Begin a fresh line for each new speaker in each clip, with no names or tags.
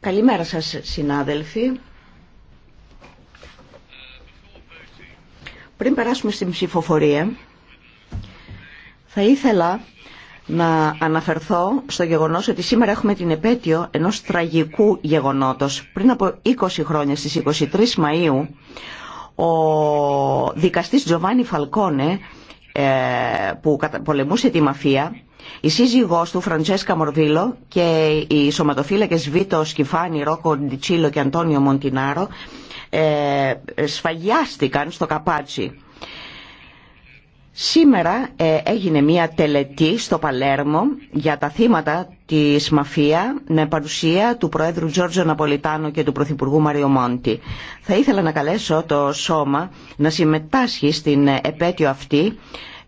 Καλημέρα σας συνάδελφοι. Πριν περάσουμε στην ψηφοφορία, θα ήθελα να αναφερθώ στο γεγονός ότι σήμερα έχουμε την επέτειο ενός τραγικού γεγονότος. Πριν από 20 χρόνια, στις 23 Μαΐου, ο δικαστής Τζοβάνι Φαλκόνε, ε, που πολεμούσε τη μαφία, η σύζυγός του, Φραντσέσκα Μορβίλο, και οι σωματοφύλακες Βίτο Σκυφάνη, Ρόκο Ντιτσίλο και Αντώνιο Μοντινάρο ε, σφαγιάστηκαν στο Καπάτσι. Σήμερα ε, έγινε μία τελετή στο Παλέρμο για τα θύματα της μαφία με παρουσία του Προέδρου Τζόρτζο Ναπολιτάνο και του Πρωθυπουργού Μαριο Μόντι. Θα ήθελα να καλέσω το Σώμα να συμμετάσχει στην επέτειο αυτή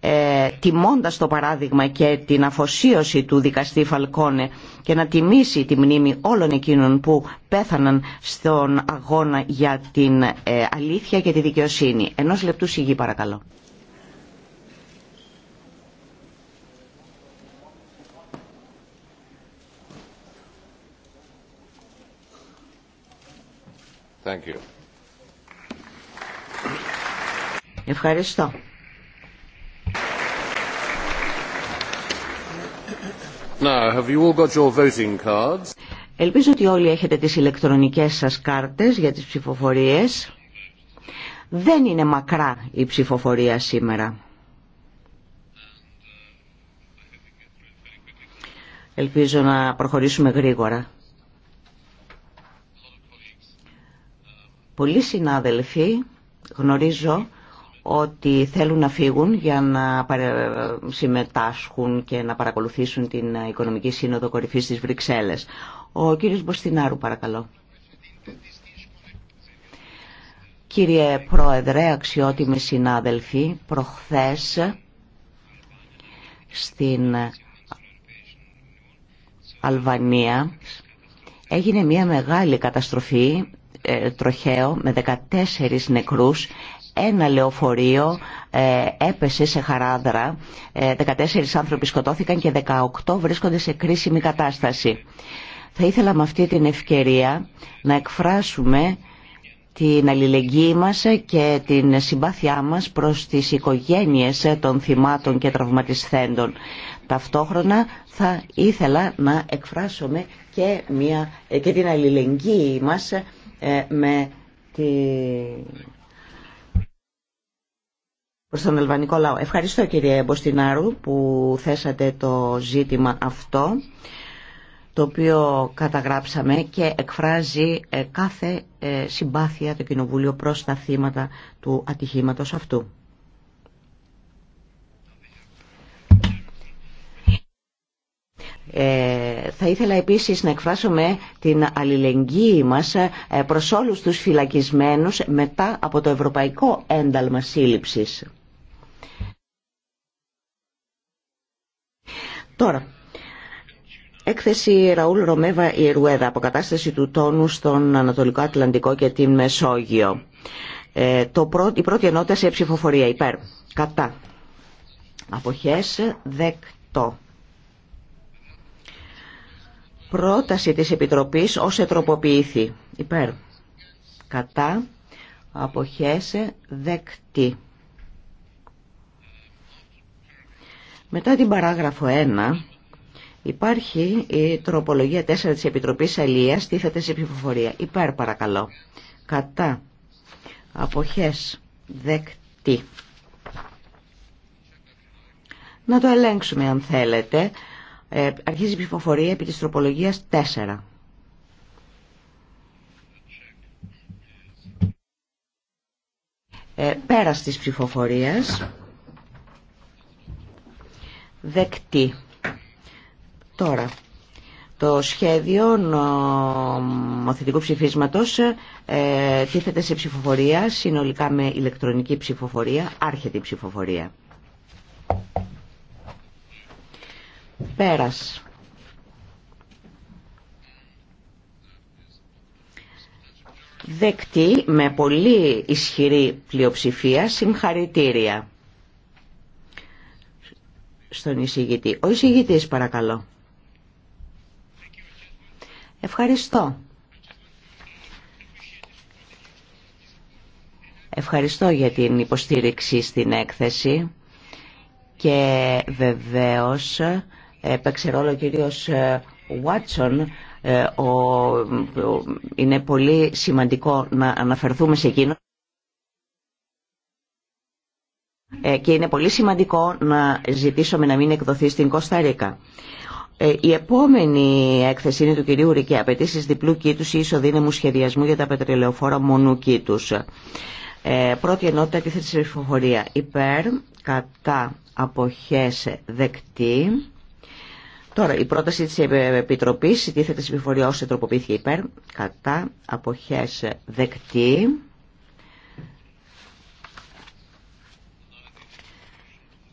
ε, τιμώντας το παράδειγμα και την αφοσίωση του δικαστή Φαλκόνε και να τιμήσει τη μνήμη όλων εκείνων που πέθαναν στον αγώνα για την ε, αλήθεια και τη δικαιοσύνη. Ενός λεπτού σιγή παρακαλώ. Ευχαριστώ. Ελπίζω ότι όλοι έχετε τις ηλεκτρονικές σας κάρτες για τις ψηφοφορίες. Δεν είναι μακρά η ψηφοφορία σήμερα. Ελπίζω να προχωρήσουμε γρήγορα. Πολλοί συνάδελφοι γνωρίζω ότι θέλουν να φύγουν για να συμμετάσχουν και να παρακολουθήσουν την Οικονομική Σύνοδο Κορυφής της Βρυξέλλες. Ο κύριος Μποστινάρου παρακαλώ. Κύριε Πρόεδρε, αξιότιμοι συνάδελφοι, προχθές στην Αλβανία έγινε μια μεγάλη καταστροφή ε, τροχαίο με 14 νεκρούς ένα λεωφορείο ε, έπεσε σε χαράδρα, 14 ε, άνθρωποι σκοτώθηκαν και 18 βρίσκονται σε κρίσιμη κατάσταση. Θα ήθελα με αυτή την ευκαιρία να εκφράσουμε την αλληλεγγύη μας και την συμπάθειά μας προς τις οικογένειες των θυμάτων και τραυματισθέντων. Ταυτόχρονα θα ήθελα να εκφράσουμε και, μια, και την αλληλεγγύη μας ε, με τη προς αλβανικό λαό. Ευχαριστώ κύριε Μποστινάρου που θέσατε το ζήτημα αυτό το οποίο καταγράψαμε και εκφράζει ε, κάθε ε, συμπάθεια το Κοινοβούλιο προς τα θύματα του ατυχήματος αυτού. Ε, θα ήθελα επίσης να εκφράσουμε την αλληλεγγύη μας προς όλους τους φυλακισμένους μετά από το Ευρωπαϊκό Ένταλμα Σύλληψης. Τώρα, έκθεση Ραούλ Ρωμέβα Ιερουέδα, αποκατάσταση του τόνου στον Ανατολικό Ατλαντικό και την Μεσόγειο. Ε, το η πρώτη ενότητα σε ψηφοφορία υπέρ. Κατά. Αποχές δεκτό. Πρόταση της Επιτροπής ως ετροποποιήθη. Υπέρ. Κατά. Αποχές δεκτή. Μετά την παράγραφο 1 υπάρχει η τροπολογία 4 της Επιτροπής Αλίας τίθεται σε ψηφοφορία. Υπέρ παρακαλώ. Κατά. Αποχές. Δεκτή. Να το ελέγξουμε αν θέλετε. Ε, αρχίζει η ψηφοφορία επί της τροπολογίας 4. Ε, πέρας της ψηφοφορίας δεκτή. Τώρα, το σχέδιο νομοθετικού ψηφίσματος ε, τίθεται σε ψηφοφορία, συνολικά με ηλεκτρονική ψηφοφορία, άρχεται η ψηφοφορία. Πέρας. Δεκτή με πολύ ισχυρή πλειοψηφία συγχαρητήρια στον εισηγητή. Ο εισηγητής παρακαλώ. Ευχαριστώ. Ευχαριστώ για την υποστήριξη στην έκθεση και βεβαίως έπαιξε ε, ρόλο ο κύριος Βάτσον ε, ε, είναι πολύ σημαντικό να αναφερθούμε σε εκείνο ε, και είναι πολύ σημαντικό να ζητήσουμε να μην εκδοθεί στην Κωνσταντίνα. Ε, η επόμενη έκθεση είναι του κυρίου Ρικέ. Απαιτήσει διπλού κήτου ή ισοδύναμου σχεδιασμού για τα πετρελαιοφόρα μονού κήτου. Ε, πρώτη ενότητα τη ψηφοφορία. Υπέρ, κατά, αποχές, δεκτή. Τώρα, η πρόταση τη Επιτροπής, η τίθεται ψηφοφορία όσο τροποποιήθηκε υπέρ, κατά, αποχές, δεκτή.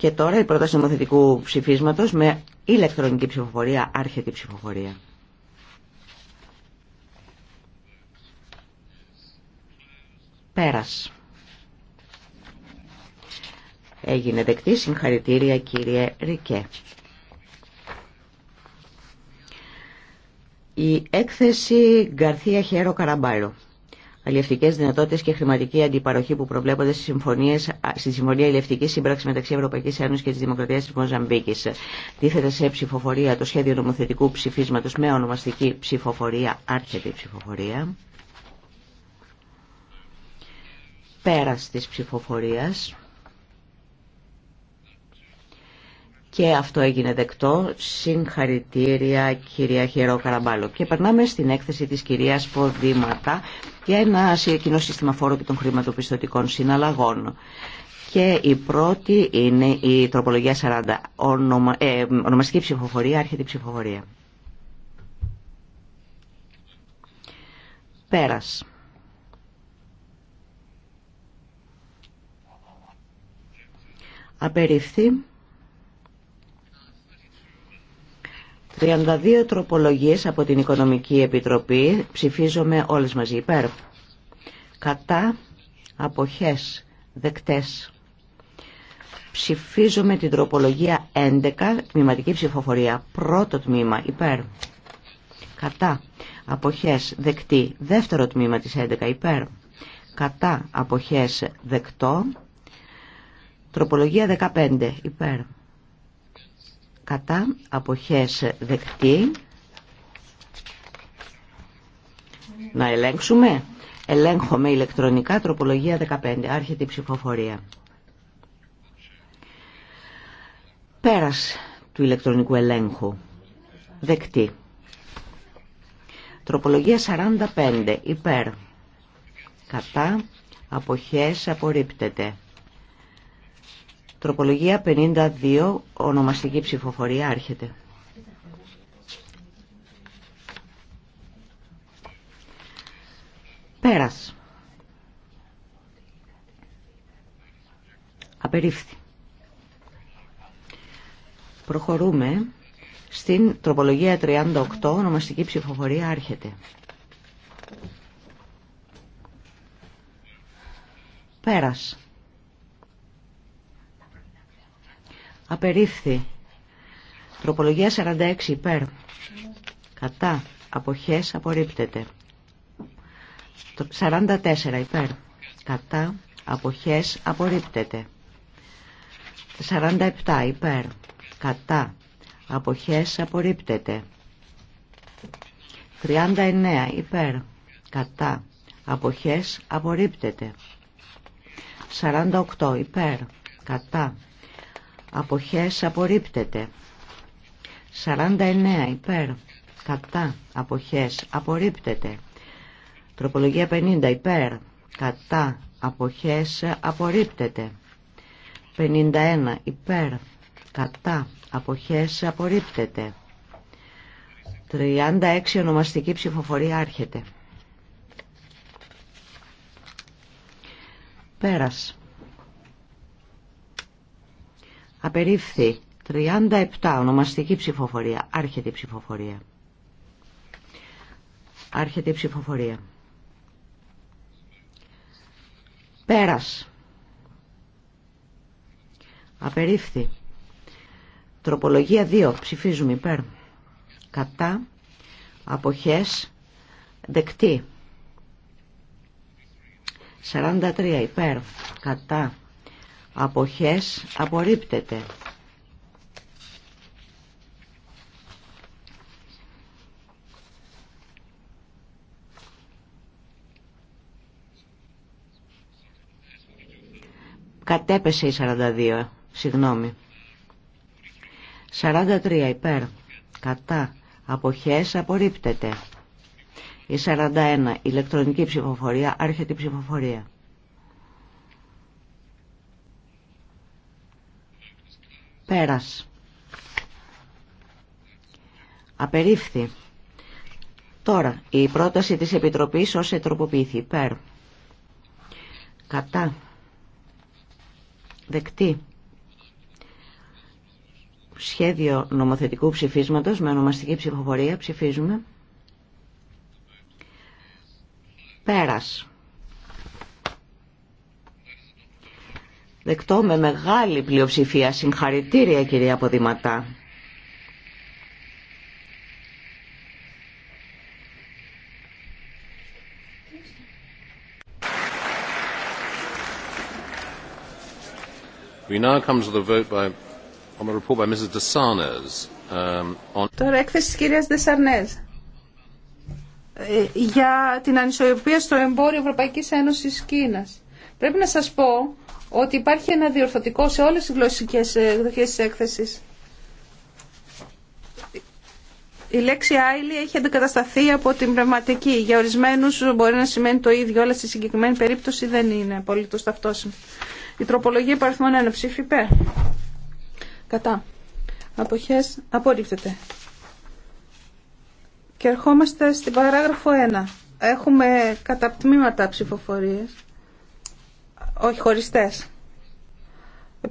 Και τώρα η πρόταση νομοθετικού ψηφίσματος με ηλεκτρονική ψηφοφορία, άρχεται ψηφοφορία. Πέρας. Έγινε δεκτή συγχαρητήρια κύριε Ρικέ. Η έκθεση Γκαρθία Χέρο Καραμπάλο αλληλευτικές δυνατότητες και χρηματική αντιπαροχή που προβλέπονται συμφωνίες, στη Συμφωνία Αλληλευτικής σύμπραξη μεταξύ Ευρωπαϊκής Ένωσης και της Δημοκρατίας τη Μοζαμπίκη. Τίθεται σε ψηφοφορία το σχέδιο νομοθετικού ψηφίσματος με ονομαστική ψηφοφορία, άρχεται η ψηφοφορία. Πέρας της ψηφοφορία. Και αυτό έγινε δεκτό. Συγχαρητήρια κυρία Χερό Καραμπάλο. Και περνάμε στην έκθεση της κυρίας Ποδήματα για ένα κοινό σύστημα φόρου και των χρηματοπιστωτικών συναλλαγών. Και η πρώτη είναι η τροπολογία 40. Ονομα, ε, ονομαστική ψηφοφορία, άρχεται ψηφοφορία. Πέρας. Απερίφθη. 32 τροπολογίες από την Οικονομική Επιτροπή. Ψηφίζομαι όλες μαζί υπέρ. Κατά αποχές δεκτές. Ψηφίζομαι την τροπολογία 11, τμήματική ψηφοφορία. Πρώτο τμήμα υπέρ. Κατά αποχές δεκτή. Δεύτερο τμήμα της 11 υπέρ. Κατά αποχές δεκτό. Τροπολογία 15 υπέρ κατά αποχές δεκτή. Να ελέγξουμε. Ελέγχομαι ηλεκτρονικά τροπολογία 15. Άρχεται η ψηφοφορία. Πέρας του ηλεκτρονικού ελέγχου. Δεκτή. Τροπολογία 45. Υπέρ. Κατά. Αποχές απορρίπτεται. Τροπολογία 52, ονομαστική ψηφοφορία, άρχεται. Πέρας. Απερίφθη. Προχωρούμε στην τροπολογία 38, ονομαστική ψηφοφορία, άρχεται. Πέρας. Απερίφθη. Τροπολογία 46 υπέρ. Κατά. Αποχές απορρίπτεται. 44 υπέρ. Κατά. Αποχές απορρίπτεται. 47 υπέρ. Κατά. Αποχές απορρίπτεται. 39 υπέρ. Κατά. Αποχές απορρίπτεται. 48 υπέρ. Κατά αποχές απορρίπτεται 49 υπέρ κατά αποχές απορρίπτεται τροπολογία 50 υπέρ κατά αποχές απορρίπτεται 51 υπέρ κατά αποχές απορρίπτεται 36 ονομαστική ψηφοφορία άρχεται πέρας Απερίφθη 37 ονομαστική ψηφοφορία. Άρχεται η ψηφοφορία. Άρχεται η ψηφοφορία. Πέρας. Απερίφθη. Τροπολογία 2. Ψηφίζουμε υπέρ. Κατά. Αποχές. Δεκτή. 43 υπέρ. Κατά αποχές απορρίπτεται. Κατέπεσε η 42, συγγνώμη. 43 υπέρ, κατά, αποχές απορρίπτεται. Η 41, ηλεκτρονική ψηφοφορία, άρχεται η ψηφοφορία. Πέρας. Απερίφθη. Τώρα, η πρόταση της Επιτροπής ως ετροποποιηθεί. πέρ. Κατά. Δεκτή. Σχέδιο νομοθετικού ψηφίσματος με ονομαστική ψηφοφορία. Ψηφίζουμε. Πέρας. Δεκτώ με μεγάλη πλειοψηφία. Συγχαρητήρια κυρία Ποδηματά.
Τώρα έκθεση της κυρίας Δεσσαρνές για την ανισορροπία στο εμπόριο Ευρωπαϊκής Ένωσης Κίνας. Πρέπει να σας πω ότι υπάρχει ένα διορθωτικό σε όλες τις γλωσσικές εκδοχές της έκθεσης. Η λέξη «άιλη» έχει αντικατασταθεί από την πνευματική. Για ορισμένους μπορεί να σημαίνει το ίδιο, αλλά στη συγκεκριμένη περίπτωση δεν είναι το ταυτόσιμη. Η τροπολογία υπαριθμών ένα ψήφι Κατά. Αποχές απορρίπτεται. Και ερχόμαστε στην παράγραφο 1. Έχουμε κατά τμήματα ψηφοφορίες. Όχι, χωριστές.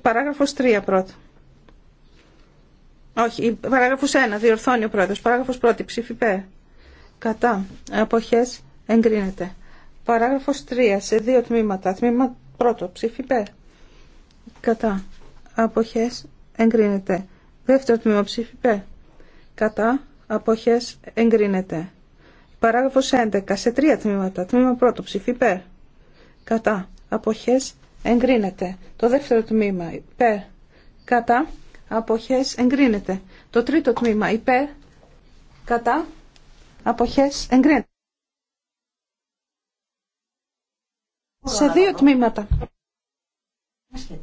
Παράγραφος 3 πρώτα. Όχι, παράγραφος 1, διορθώνει ο πρόεδρος. Παράγραφος 1, ψήφι Κατά. Αποχές εγκρίνεται. Παράγραφος 3, σε δύο τμήματα. Τμήμα πρώτο, ψήφι Κατά. Αποχές εγκρίνεται. Δεύτερο τμήμα, ψήφι Κατά. Αποχές εγκρίνεται. Παράγραφος 11, σε τρία τμήματα. Τμήμα πρώτο, ψήφι Κατά αποχές εγκρίνεται. Το δεύτερο τμήμα υπέρ κατά αποχές εγκρίνεται. Το τρίτο τμήμα υπέρ κατά αποχές εγκρίνεται. Σε δύο τμήματα.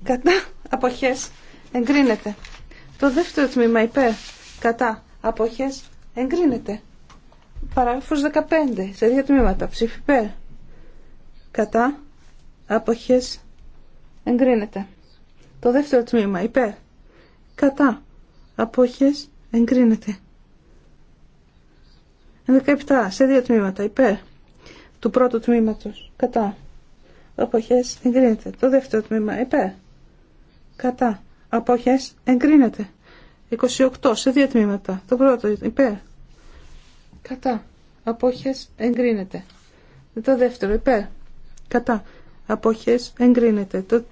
Κατά αποχές εγκρίνεται. Το δεύτερο τμήμα υπέρ κατά αποχές εγκρίνεται. Παράγραφος 15 σε δύο τμήματα. Ψήφι υπέρ κατά Αποχές. Εγκρίνεται. Το δεύτερο τμήμα. Υπέρ. Κατά. Αποχές. Εγκρίνεται. 17. Σε δύο τμήματα. Υπέρ. Του πρώτου τμήματος. Κατά. Αποχές. Εγκρίνεται. Το δεύτερο τμήμα. Υπέρ. Κατά. Αποχές. Εγκρίνεται. 28. Σε δύο τμήματα. Το πρώτο. Υπέρ. Κατά. Απόχες εγκρίνεται. Το δεύτερο υπέρ. Κατά αποχές εγκρίνεται. Το,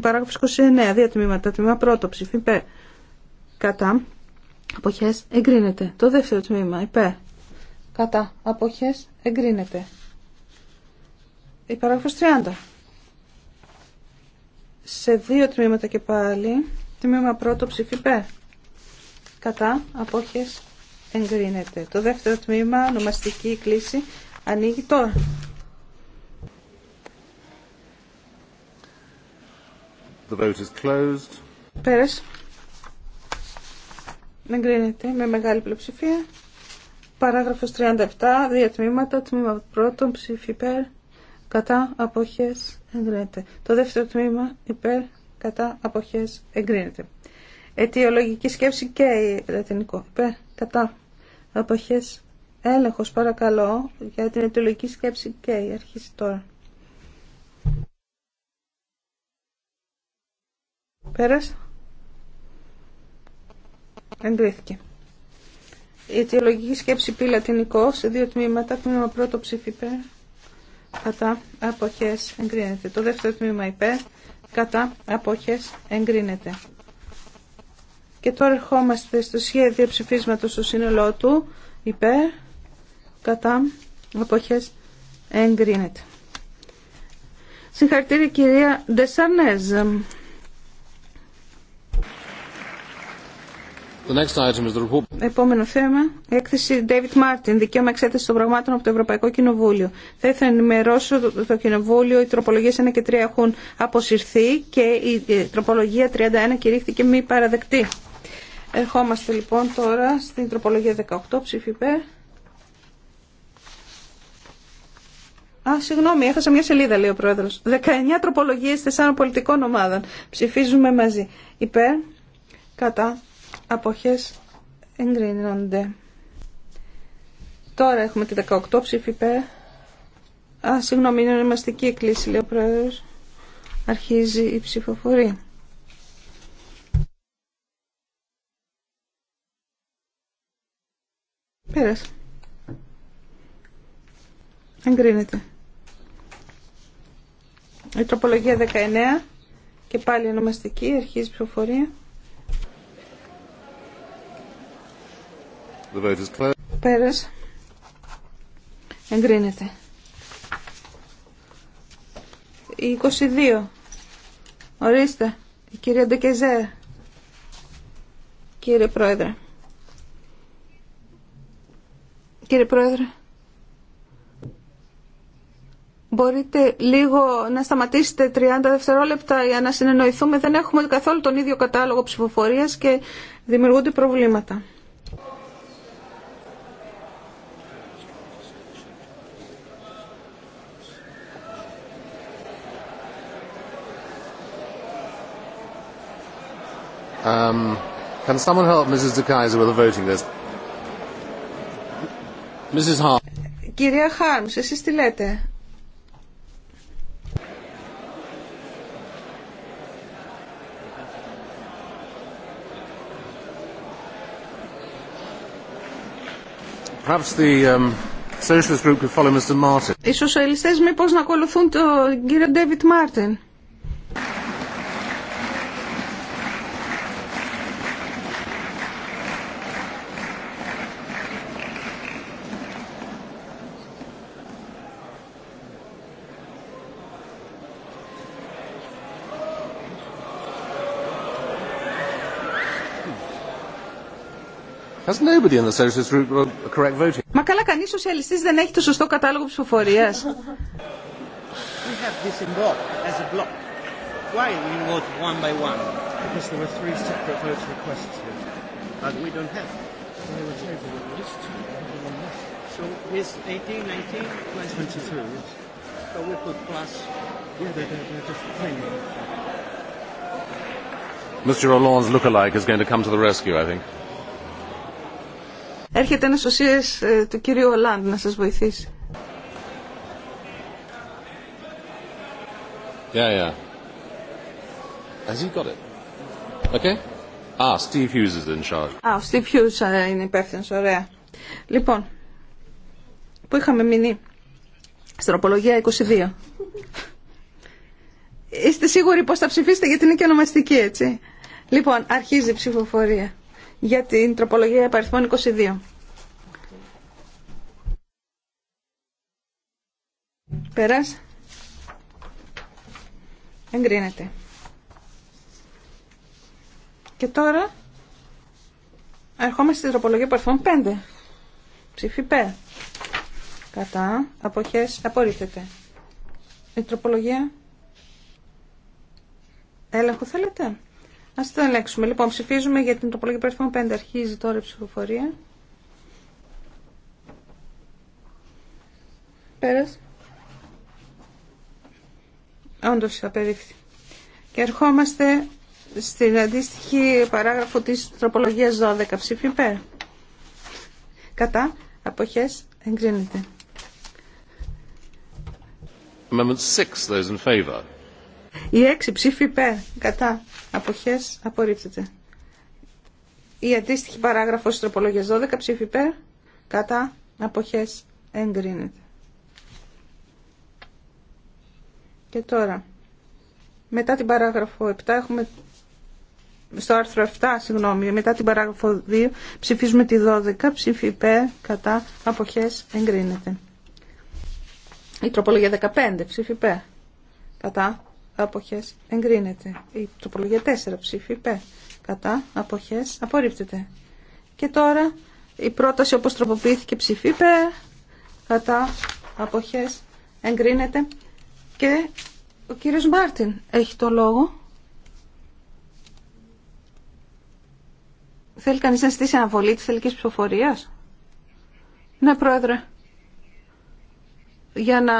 παράγραφος 29, δύο τμήματα, τμήμα πρώτο, ψήφι υπέρ. Κατά, αποχές εγκρίνεται. Το δεύτερο τμήμα, υπέρ. Κατά, αποχές εγκρίνεται. Η παράγραφος 30. Σε δύο τμήματα και πάλι, τμήμα πρώτο ψήφι υπέρ. Κατά, αποχές εγκρίνεται. Το δεύτερο τμήμα, νομαστική κλίση, ανοίγει τώρα. The Εγκρίνεται με μεγάλη πλειοψηφία. Παράγραφος 37. Δύο τμήματα. Τμήμα πρώτον ψήφι υπέρ. Κατά αποχές εγκρίνεται. Το δεύτερο τμήμα υπέρ. Κατά αποχές εγκρίνεται. Αιτιολογική σκέψη και η λατινικό. Υπέρ. Κατά αποχές έλεγχος παρακαλώ για την αιτιολογική σκέψη και η τώρα. Πέρας. Εγκρίθηκε. Η αιτιολογική σκέψη την λατινικό σε δύο τμήματα. Τμήμα πρώτο ψήφι Κατά αποχές εγκρίνεται. Το δεύτερο τμήμα υπέρ. Κατά αποχές εγκρίνεται. Και τώρα ερχόμαστε στο σχέδιο ψηφίσματος στο σύνολό του. Υπέρ. Κατά αποχές εγκρίνεται. Συγχαρητήρια κυρία Ντεσανέζ. Το Επόμενο θέμα, η έκθεση David Martin, δικαίωμα εξέταση των πραγμάτων από το Ευρωπαϊκό Κοινοβούλιο. Θα ήθελα να ενημερώσω το, το Κοινοβούλιο, οι τροπολογίε 1 και 3 έχουν αποσυρθεί και η, τροπολογία 31 κηρύχθηκε μη παραδεκτή. Ερχόμαστε λοιπόν τώρα στην τροπολογία 18, ψήφι υπέρ. Α, συγγνώμη, έχασα μια σελίδα, λέει ο πρόεδρο. 19 τροπολογίε 4 πολιτικών ομάδων. Ψηφίζουμε μαζί. Υπέρ, κατά, αποχές εγκρίνονται. Τώρα έχουμε τη 18 ψήφι ΠΕ. Α, συγγνώμη, είναι ονομαστική εκκλήση, λέει ο Πρόεδρος. Αρχίζει η ψηφοφορία. Πέρασε. Εγκρίνεται. Η τροπολογία 19 και πάλι ονομαστική, αρχίζει η ψηφοφορία. Πέρες, Εγκρίνεται. 22. Ορίστε. Η κυρία Ντεκεζέ. Κύριε Πρόεδρε. Κύριε Πρόεδρε. Μπορείτε λίγο να σταματήσετε 30 δευτερόλεπτα για να συνεννοηθούμε. Δεν έχουμε καθόλου τον ίδιο κατάλογο ψηφοφορίας και δημιουργούνται προβλήματα. Um, Can someone help Mrs. De Kaiser with the voting list? Mrs. Harms. Κυρία Χάρμς, εσείς τι λέτε. Perhaps the um, socialist group could follow Mr. Martin. Οι σοσιαλιστές μήπως να ακολουθούν τον κύριο David Martin. Has nobody in the socialist group got the correct voting? Μα καλά κανείς σοσιαλιστής δεν έχει το σωστό κατάλογο ψηφοφορίας. We have this
in block, as a block. Why we vote one by one? Because there were three separate vote requests here. But we don't have. They were tabled at least two. So is 18, 19, 22. So we put plus.
Yeah, they're, they're, they're just plain. Mr. Hollande's look-alike is going to come to the rescue, I think. Έρχεται ένα οσίες ε, του κυρίου Ολάντ να σα βοηθήσει. Yeah, yeah. Has he got it? Okay. Ah, Steve Hughes is in charge. Ah, Steve Hughes ε, είναι υπεύθυνο. ωραία. Λοιπόν, που είχαμε μείνει. Στροπολογία 22. Είστε σίγουροι πώς θα ψηφίσετε γιατί είναι και ονομαστική, έτσι. Λοιπόν, αρχίζει η ψηφοφορία για την τροπολογία επαριθμών 22. Πέρας. Εγκρίνεται. Και τώρα ερχόμαστε στην τροπολογία παρφών 5. Ψήφι πέ. Κατά. Αποχές. Απορρίπτεται. Η τροπολογία. Έλεγχο θέλετε. Ας το ελέγξουμε. Λοιπόν, ψηφίζουμε για την τροπολογική περιφέρον 5. Αρχίζει τώρα η ψηφοφορία. Πέρας. Όντως απερίφθη. Και ερχόμαστε στην αντίστοιχη παράγραφο της τροπολογίας 12. Ψήφι πέρα. Κατά. Αποχές. Εγκρίνεται. 6, those in η έξι ψήφοι υπέρ. Κατά. Αποχές. Απορρίπτεται. Η αντίστοιχη παράγραφος στι τροπολογίε 12 ψήφι υπέρ. Κατά. Αποχές. Εγκρίνεται. Και τώρα. Μετά την παράγραφο 7 έχουμε στο άρθρο 7, συγγνώμη, μετά την παράγραφο 2 ψηφίζουμε τη 12, ψήφι υπέρ, κατά, αποχές, εγκρίνεται. Η τροπολογία 15, ψήφοι υπέρ, κατά, αποχές εγκρίνεται. Η τροπολογία 4 ψήφι κατά αποχές απορρίπτεται. Και τώρα η πρόταση όπως τροποποιήθηκε ψήφι κατά αποχές εγκρίνεται. Και ο κύριος Μάρτιν έχει το λόγο. Θέλει κανείς να στήσει αναβολή της τελικής ψηφοφορίας. Ναι, Πρόεδρε για να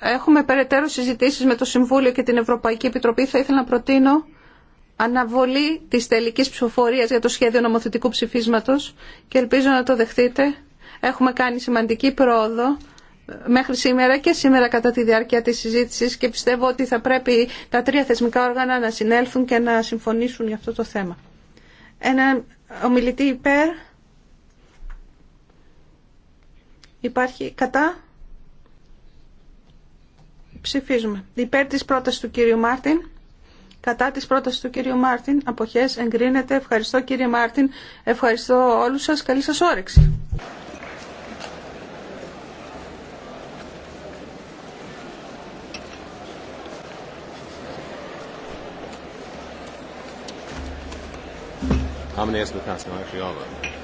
έχουμε περαιτέρω συζητήσεις με το Συμβούλιο και την Ευρωπαϊκή Επιτροπή θα ήθελα να προτείνω αναβολή της τελικής ψηφοφορίας για το σχέδιο νομοθετικού ψηφίσματος και ελπίζω να το δεχτείτε. Έχουμε κάνει σημαντική πρόοδο ε, μέχρι σήμερα και σήμερα κατά τη διάρκεια της συζήτησης και πιστεύω ότι θα πρέπει τα τρία θεσμικά όργανα να συνέλθουν και να συμφωνήσουν για αυτό το θέμα. Ένα ομιλητή υπέρ. Υπάρχει κατά. Ψηφίζουμε. Υπέρ της πρότασης του κύριου Μάρτιν. Κατά της πρότασης του κύριου Μάρτιν. Αποχές εγκρίνεται. Ευχαριστώ κύριε Μάρτιν. Ευχαριστώ όλους σας. Καλή σας όρεξη. the